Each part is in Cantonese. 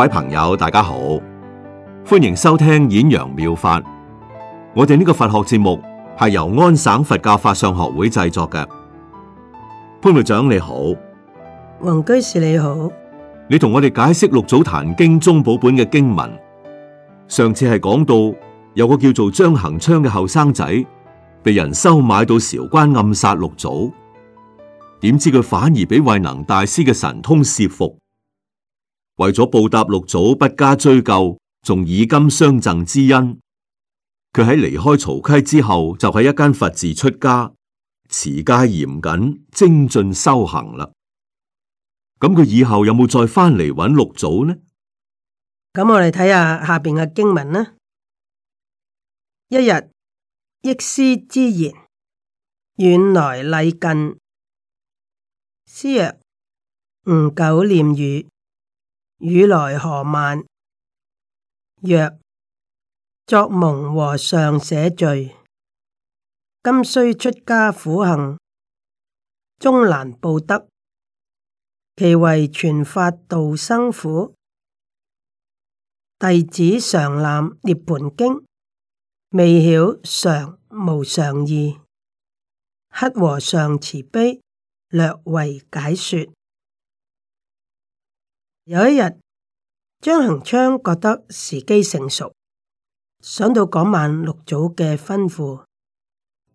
各位朋友，大家好，歡迎收聽演揚妙,妙法。我哋呢個佛學節目係由安省佛教法上學會製作嘅。潘會長你好，黃居士你好，你同我哋解釋六祖壇經宗寶本本嘅經文。上次係講到有個叫做張行昌嘅後生仔，被人收買到韶關暗殺六祖，點知佢反而俾慧能大師嘅神通攝服。為咗報答六祖不加追究，仲以金相贈之恩，佢喺離開曹溪之後，就喺一間佛寺出家，持戒嚴謹，精進修行啦。咁佢以後有冇再翻嚟揾六祖呢？咁我哋睇下下邊嘅經文啦。一日，憶師之言，遠來禮近師，曰：吾久念汝。汝來何晚，曰：昨蒙和尚捨罪，今雖出家苦行，終難報德。其為傳法度生乎，弟子常覽涅槃經，未曉常無常義。乞和尚慈悲，略為解說。有一日，張行昌覺得時機成熟，想到嗰晚六祖嘅吩咐，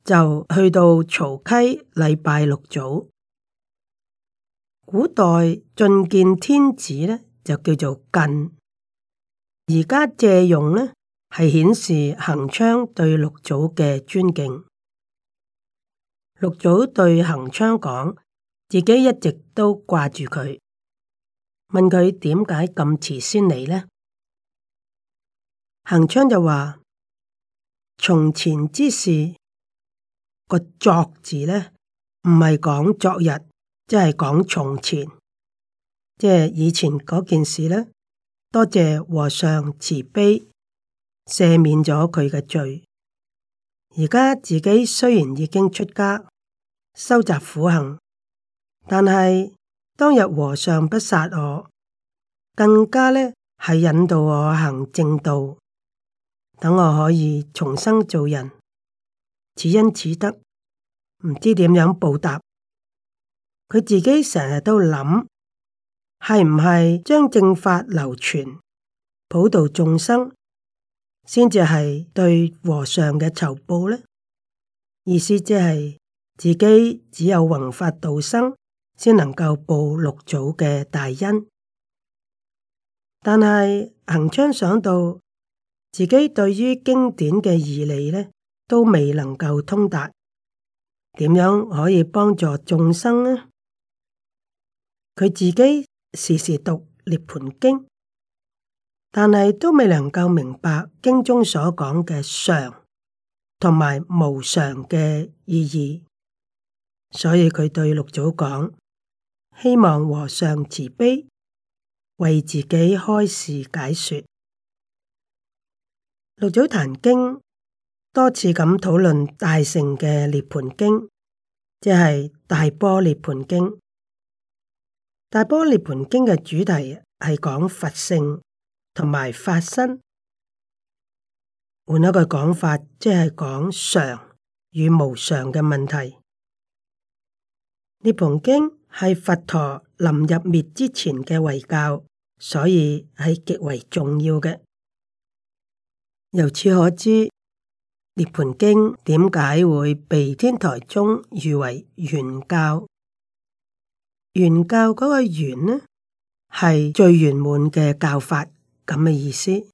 就去到曹溪禮拜六祖。古代覲見天子呢，就叫做覲；而家借用呢，係顯示行昌對六祖嘅尊敬。六祖對行昌講，自己一直都掛住佢。問佢點解咁遲先嚟呢？恒昌就話：從前之事，個昨字呢，唔係講昨日，即係講從前，即係以前嗰件事呢。多謝和尚慈悲赦免咗佢嘅罪，而家自己雖然已經出家，修習苦行，但係，當日和尚不殺我，更加呢係引導我行正道，等我可以重生做人。此因此德，唔知點樣報答。佢自己成日都諗，係唔係將正法流傳，普渡眾生，先至係對和尚嘅酬報呢？意思即係自己只有弘法度生。先能夠報六祖嘅大恩，但係行昌想到自己對於經典嘅義理呢，都未能夠通達，點樣可以幫助眾生呢？佢自己時時讀《涅槃經》，但係都未能夠明白經中所講嘅常同埋無常嘅意義，所以佢對六祖講：希望和尚慈悲，為自己開示解說《六祖壇經》，多次咁討論大乘嘅涅槃經，即係大波涅槃經。大波涅槃經嘅主題係講佛性同埋法身，換一句講法，即係講常與無常嘅問題。涅槃經。係佛陀臨入滅之前嘅遺教，所以係極為重要嘅。由此可知，《涅槃經》點解會被天台宗譽為圓教？圓教嗰個圓呢，係最圓滿嘅教法，咁嘅意思。《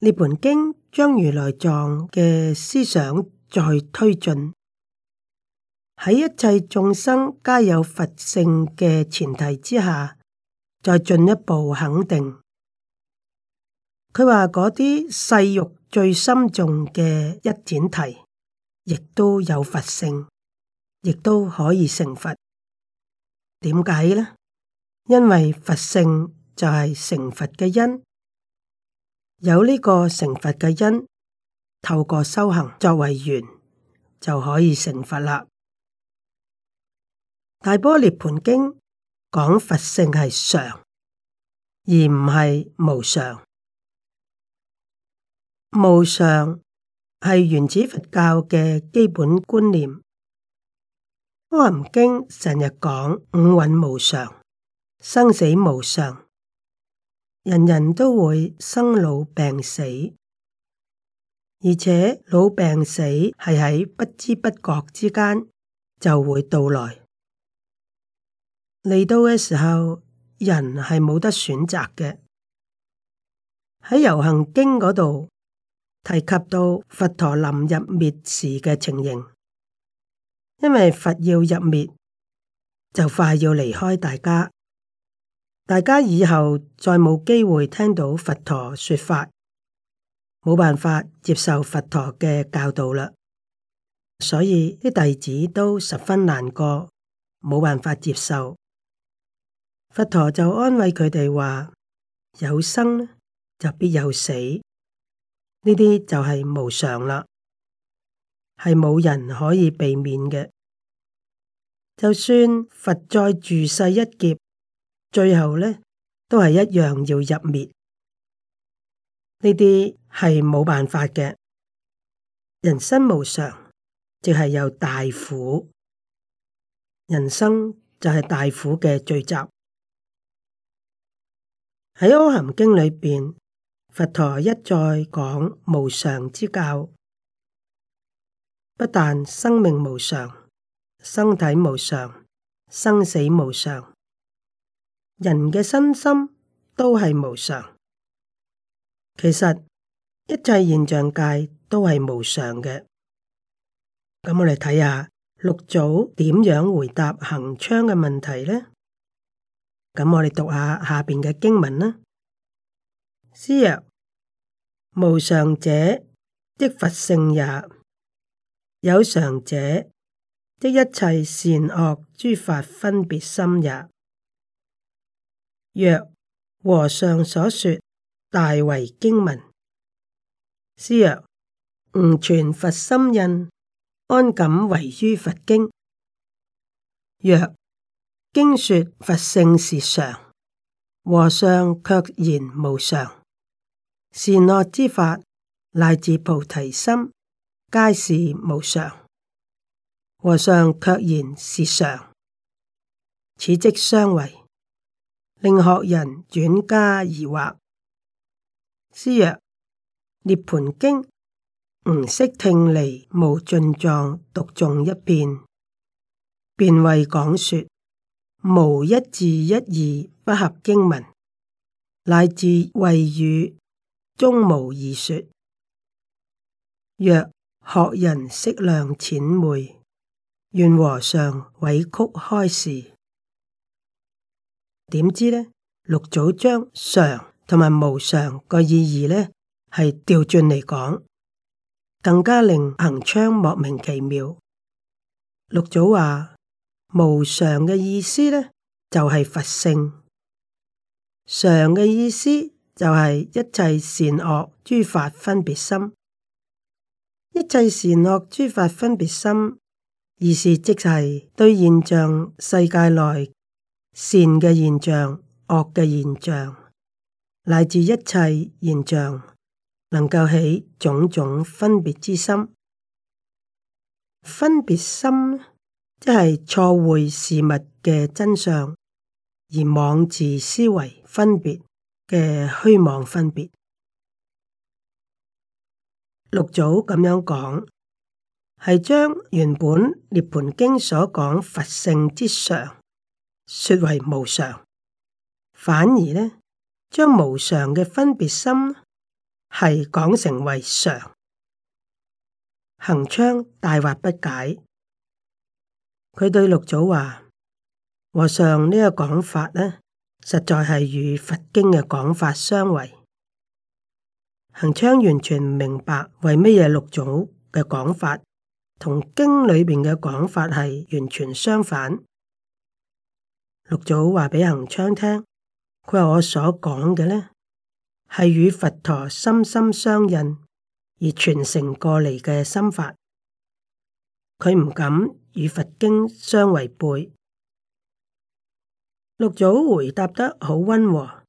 涅槃經》將如來藏嘅思想再推進。喺一切眾生皆有佛性嘅前提之下，再進一步肯定，佢話嗰啲世欲最深重嘅一闡提，亦都有佛性，亦都可以成佛。點解呢？因為佛性就係成佛嘅因，有呢個成佛嘅因，透過修行作為緣，就可以成佛啦。大般涅槃經講佛性係常，而唔係無常無常係原始佛教嘅基本觀念。阿含經成日講五蘊無常、生死無常，人人都會生老病死，而且老病死係喺不知不覺之間就會到來。嚟到嘅時候，人係冇得選擇嘅。喺遊行經嗰度提及到佛陀臨入滅時嘅情形，因為佛要入滅，就快要離開大家，大家以後再冇機會聽到佛陀說法，冇辦法接受佛陀嘅教導啦。所以啲弟子都十分難過，冇辦法接受。佛陀就安慰佢哋話：有生就必有死，呢啲就係無常啦，係冇人可以避免嘅。就算佛再住世一劫，最後呢都係一樣要入滅，呢啲係冇辦法嘅。人生無常，淨係有大苦，人生就係大苦嘅聚集。喺《阿含經》裏邊，佛陀一再講無常之教，不但生命無常，身體無常，生死無常，人嘅身心都係無常。其實一切現象界都係無常嘅。咁我哋睇下六祖點樣回答行昌嘅問題呢？咁我哋讀下下邊嘅經文啦。師曰：無常者，即佛性也；有常者，即一切善惡諸法分別心也。若和尚所說，大違經文。師曰：吾傳佛心印，安敢違於佛經？若經說佛性是常，和尚却言無常。善惡之法乃至菩提心，皆是無常。和尚却言是常，此即相違，令學人轉加疑惑。師曰：涅槃經，吾昔聽離無盡藏，讀誦一遍，便為講說。無一字一義不合經文，乃至謂語中無二說。若學人識量淺昧，願和尚委曲開示。點知呢？六祖將常同埋無常個意義呢，係調轉嚟講，更加令行昌莫名其妙。六祖話。無常嘅意思呢，就係佛性；常嘅意思就係一切善惡諸法分別心。一切善惡諸法分別心，意思即係對現象世界內善嘅現象、惡嘅現象，乃至一切現象，能夠起種種分別之心。分別心。即係錯會事物嘅真相，而妄自思維分別嘅虛妄分別。六祖咁樣講，係將原本《涅槃經》所講佛性之常，說為無常，反而呢，將無常嘅分別心，係講成為常。行昌大惑不解。佢對六祖話：和尚呢個講法呢，實在係與佛經嘅講法相違。行昌完全唔明白為乜嘢六祖嘅講法同經裏面嘅講法係完全相反。六祖話畀行昌聽，佢話我所講嘅呢係與佛陀心心相印而傳承過嚟嘅心法，佢唔敢。與佛經相違背，六祖回答得好温和，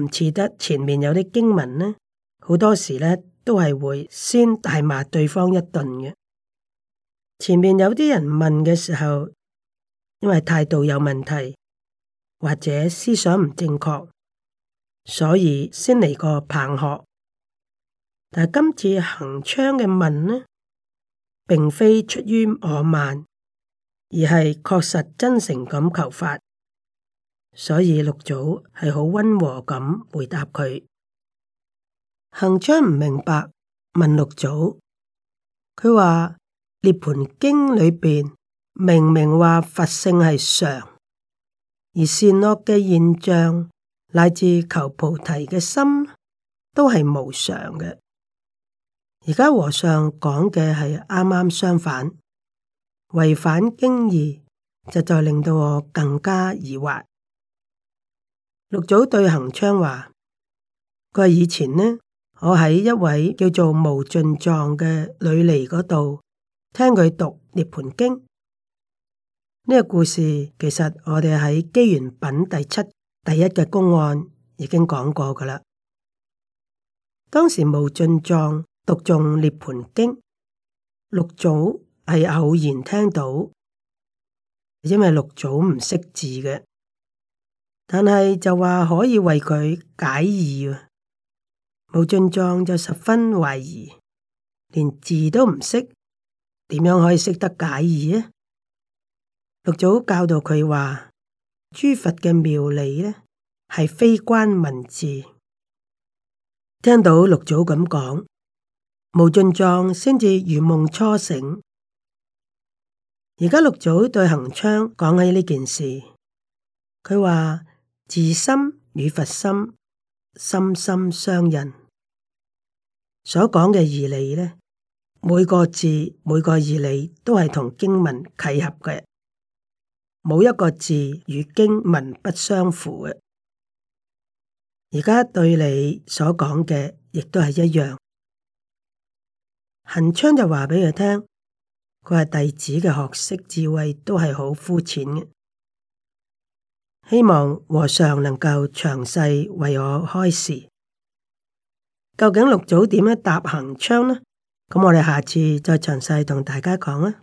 唔似得前面有啲經文呢，好多時呢都係會先大罵對方一頓嘅。前面有啲人問嘅時候，因為態度有問題或者思想唔正確，所以先嚟個棒喝。但係今次行昌嘅問呢？並非出於我慢，而係確實真誠咁求法，所以六祖係好溫和咁回答佢。行昌唔明白，問六祖：佢話《涅槃經裡面》裏邊明明話佛性係常，而善惡嘅現象乃至求菩提嘅心都係無常嘅。而家和尚講嘅係啱啱相反，違反經義，實在令到我更加疑惑。六祖對行昌話：佢話以前呢，我喺一位叫做無盡藏嘅女尼嗰度聽佢讀涅槃經。呢、呢個故事其實我哋喺機緣品第七第一嘅公案已經講過噶啦。當時無盡藏。讀誦涅槃經，六祖係偶然聽到，因為六祖唔識字嘅，但係就話可以為佢解義啊。無盡藏就十分懷疑，連字都唔識，點樣可以識得解義啊？六祖教導佢話：諸佛嘅妙理呢，係非關文字。聽到六祖咁講。無盡狀先至如夢初醒。而家六祖對行昌講起呢件事，佢話自心與佛心心心相印，所講嘅義理呢，每個字每個義理都係同經文契合嘅，冇一個字與經文不相符嘅。而家對你所講嘅，亦都係一樣。恒昌就話畀佢聽，佢係弟子嘅學識智慧都係好膚淺嘅，希望和尚能夠詳細為我開示。究竟六祖點樣答恒昌呢？咁我哋下次再詳細同大家講啊。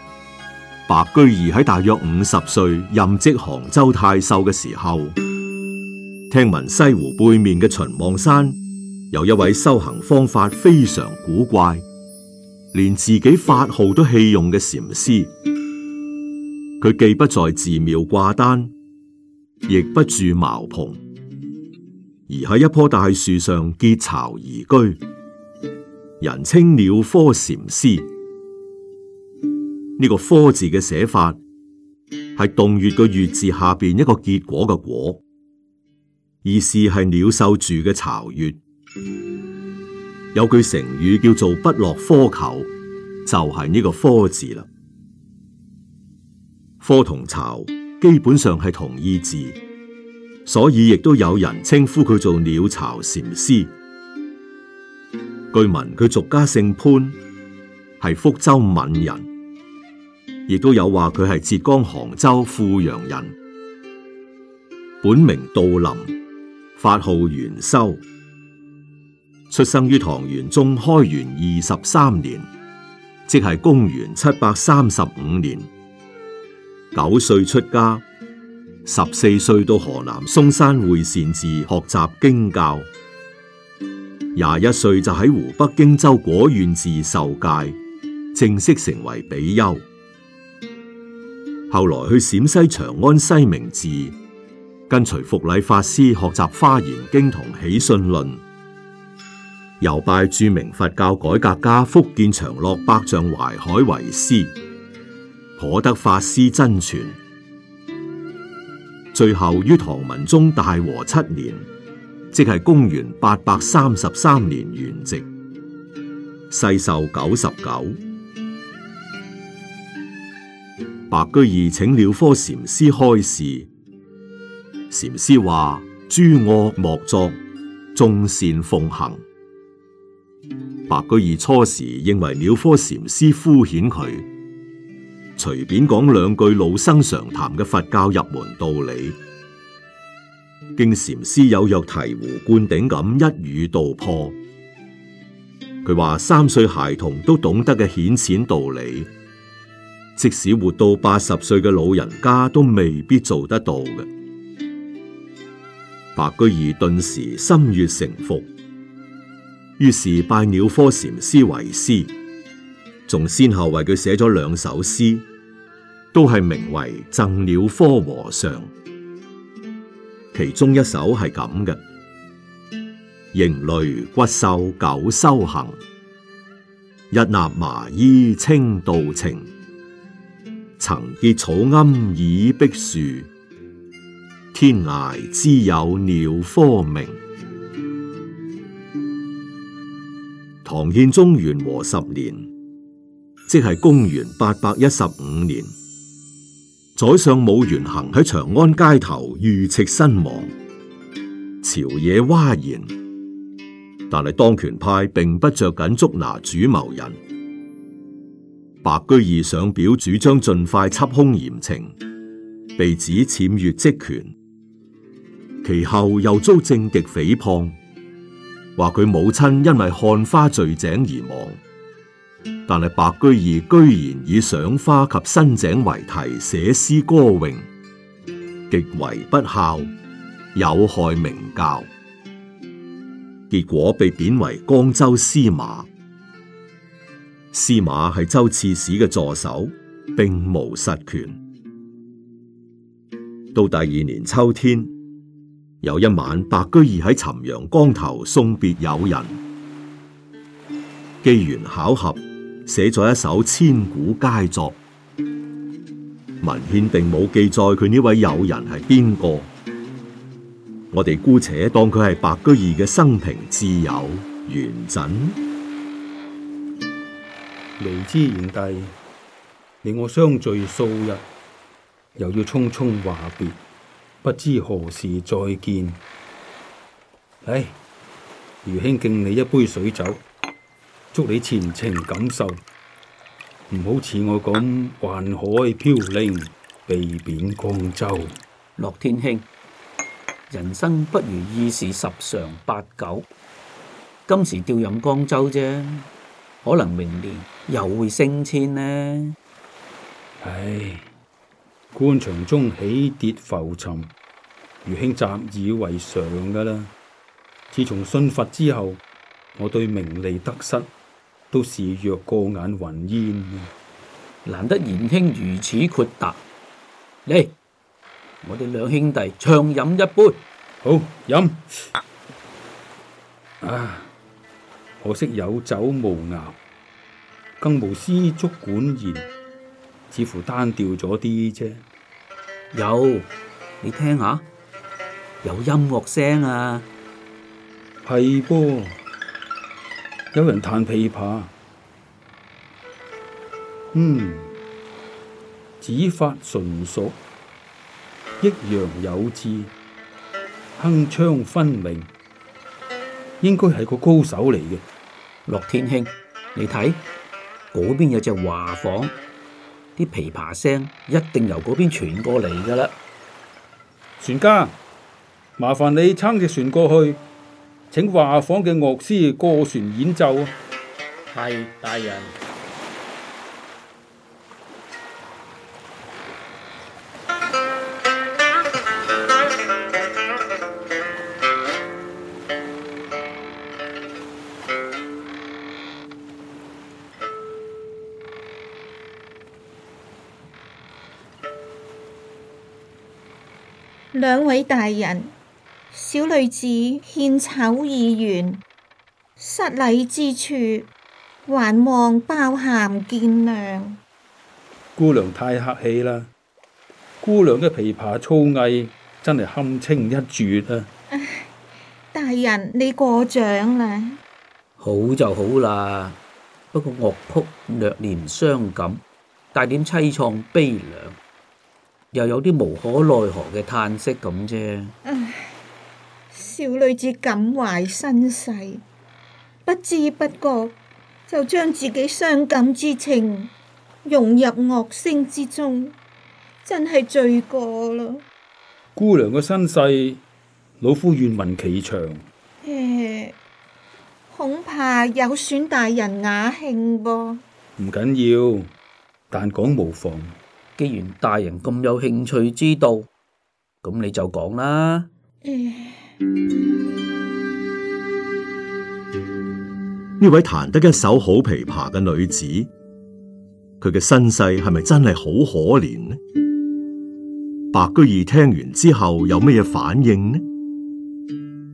白居易喺大約五十歲任職杭州太守嘅時候，聽聞西湖背面嘅秦望山有一位修行方法非常古怪，連自己法號都棄用嘅禪師。佢既不在寺廟掛單，亦不住茅棚，而喺一棵大樹上結巢而居，人稱鳥窠禪師。呢個窠字嘅寫法係洞穴個穴字下邊一個結果嘅果，意思係鳥獸住嘅巢穴。有句成語叫做不落窠臼」，就係、是、呢個窠字啦。窠同巢基本上係同義字，所以亦都有人稱呼佢做鳥巢禪師。據聞佢俗家姓潘，係福州閩人。亦都有話佢係浙江杭州富陽人，本名道林，法號元修，出生於唐玄宗開元二十三年，即係公元七百三十五年。九歲出家，十四歲到河南嵩山會善寺學習經教，廿一歲就喺湖北荊州果願寺受戒，正式成為比丘。後來去陝西長安西明寺跟隨伏禮法師學習《花嚴經》同《起信論》，又拜著名佛教改革家福建長樂百丈懷海為師，頗得法師真傳。最後於唐文宗大和七年，即係公元八百三十三年圓寂，世壽九十九。白居易請鳥窠禪師開示，禪師話：諸惡莫作，眾善奉行。白居易初時認為鳥窠禪師敷衍佢，隨便講兩句老生常談嘅佛教入門道理，經禪師有若醍醐灌頂咁一語道破，佢話三歲孩童都懂得嘅顯淺道理。即使活到八十歲嘅老人家都未必做得到嘅。白居易頓時心悅誠服，於是拜鳥科禪師為師，仲先後為佢寫咗兩首詩，都係名為《贈鳥科和尚》，其中一首係咁嘅：形累骨瘦久修行，一衲麻衣清道情。曾結草庵以碧樹，天涯知有鳥科鳴。唐憲宗元和十年，即係公元八百一十五年，宰相武元衡喺長安街頭遇刺身亡，朝野嘩然，但係當權派並不着緊捉拿主謀人。白居易上表主張盡快緝凶嚴懲，被指僭越職權，其後又遭政敵誹謗，話佢母親因為看花墜井而亡，但係白居易居然以賞花及新井為題寫詩歌詠，極為不孝，有害名教，結果被貶為江州司馬。司馬係州刺史嘅助手，並無實權。到第二年秋天，有一晚，白居易喺潯陽江頭送別友人，機緣巧合寫咗一首千古佳作。文獻並冇記載佢呢位友人係邊個，我哋姑且當佢係白居易嘅生平摯友元稹。未知賢弟，你我相聚數日，又要匆匆話別，不知何時再見。唉，愚兄敬你一杯水酒，祝你前程錦繡，唔好似我咁宦海飄零，被貶江州。樂天兄，人生不如意事十常八九，今時調任江州啫。可能明年又會升遷呢？唉，官場中起跌浮沉，余兄習以為常噶啦。自從信佛之後，我對名利得失都視若過眼雲煙。難得賢兄如此豁達，嚟，我哋兩兄弟暢飲一杯，好飲。啊！可惜有酒無肴，更無絲竹管弦，似乎單調咗啲啫。有，你聽下，有音樂聲啊，係噃，有人彈琵琶，嗯，指法純熟，抑揚有致，鏗鏘分明。應該係個高手嚟嘅，樂天兄，你睇嗰邊有隻畫舫，啲琵琶聲一定由嗰邊傳過嚟噶啦。船家，麻煩你撐隻船過去，請畫舫嘅樂師過船演奏啊。係，大人。兩位大人，小女子獻醜而已，失禮之處，還望包涵見諒。姑娘太客氣啦，姑娘嘅琵琶粗藝真係堪稱一絕啊！大人，你過獎啦，好就好啦，不過樂曲略嫌傷感，帶點淒愴悲涼。又有啲無可奈何嘅嘆息咁啫。唉，小女子感懷身世，不知不覺就將自己傷感之情融入樂聲之中，真係罪過咯。姑娘嘅身世，老夫願聞其詳。誒，恐怕有損大人雅興噃。唔緊要，但講無妨。既然大人咁有興趣知道，咁你就講啦。呢 位彈得一手好琵琶嘅女子，佢嘅身世係咪真係好可憐呢？白居易聽完之後有咩嘢反應呢？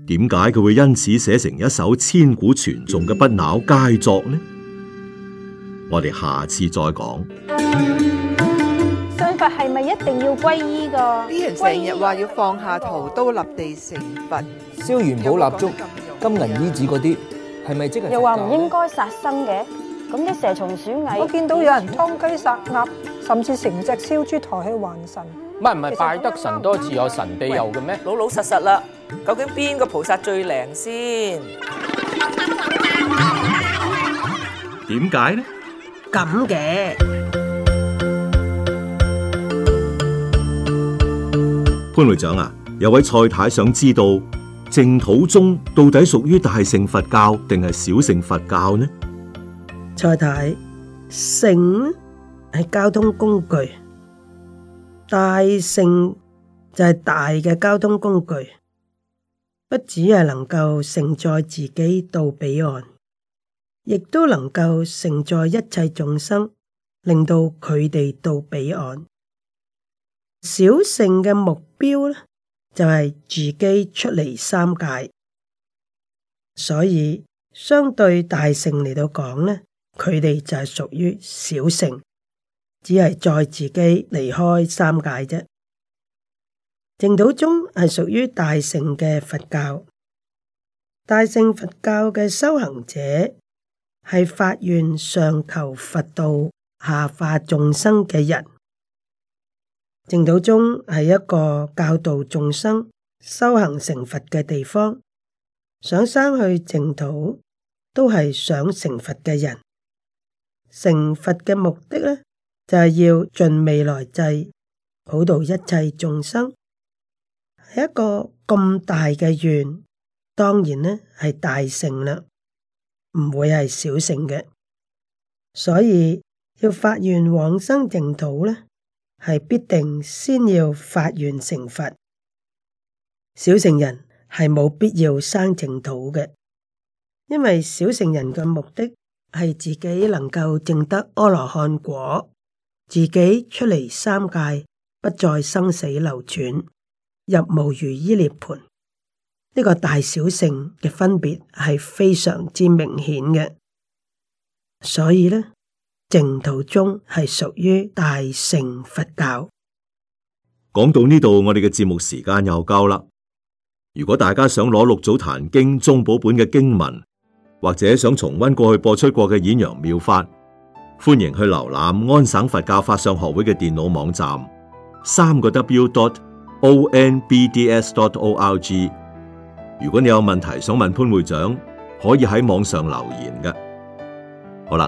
點解佢會因此寫成一首千古傳頌嘅不朽佳作呢？我哋下次再講。 佛係咪一定要皈依㗎？啲人成日話要放下屠刀立地成佛，燒元寶蠟燭、金銀衣紙嗰啲，係咪即係？又話唔應該殺生嘅，咁啲蛇蟲鼠蟻，我見到有人殺雞殺鴨，甚至成隻燒豬抬去還神。唔係唔係，拜得神多自有神庇佑嘅咩？老老實實啦，究竟邊個菩薩最靈先？點解呢？咁嘅。潘會長啊，有位蔡太想知道淨土宗到底屬於大乘佛教定係小乘佛教呢？蔡太，乘係交通工具，大乘就係大嘅交通工具，不只係能夠承載自己到彼岸，亦都能夠承載一切眾生，令到佢哋到彼岸。小乘嘅目標呢就係自己出嚟三界，所以相對大乘嚟到講呢，佢哋就係屬於小乘，只係在自己離開三界啫。淨土宗係屬於大乘嘅佛教，大乘佛教嘅修行者係發願上求佛道，下化眾生嘅人。淨土宗係一個教導眾生修行成佛嘅地方，想生去淨土都係想成佛嘅人。成佛嘅目的呢，就係、是、要盡未來際普渡一切眾生。係一個咁大嘅願，當然呢係大成啦，唔會係小成嘅。所以要發願往生淨土呢。係必定先要發願成佛，小乘人係冇必要生淨土嘅，因為小乘人嘅目的係自己能夠證得阿羅漢果，自己出嚟三界不再生死流轉，入無餘依涅盤。呢個大小乘嘅分別係非常之明顯嘅，所以呢，淨土宗係屬於大乘佛教。講到呢度，我哋嘅節目時間又夠啦。如果大家想攞六祖壇經宗寶本嘅經文，或者想重溫過去播出過嘅演揚妙法，歡迎去瀏覽安省佛教法相學會嘅電腦網站，三個 W dot O N B D S dot O R G。如果你有問題想問潘會長，可以喺網上留言嘅。好啦。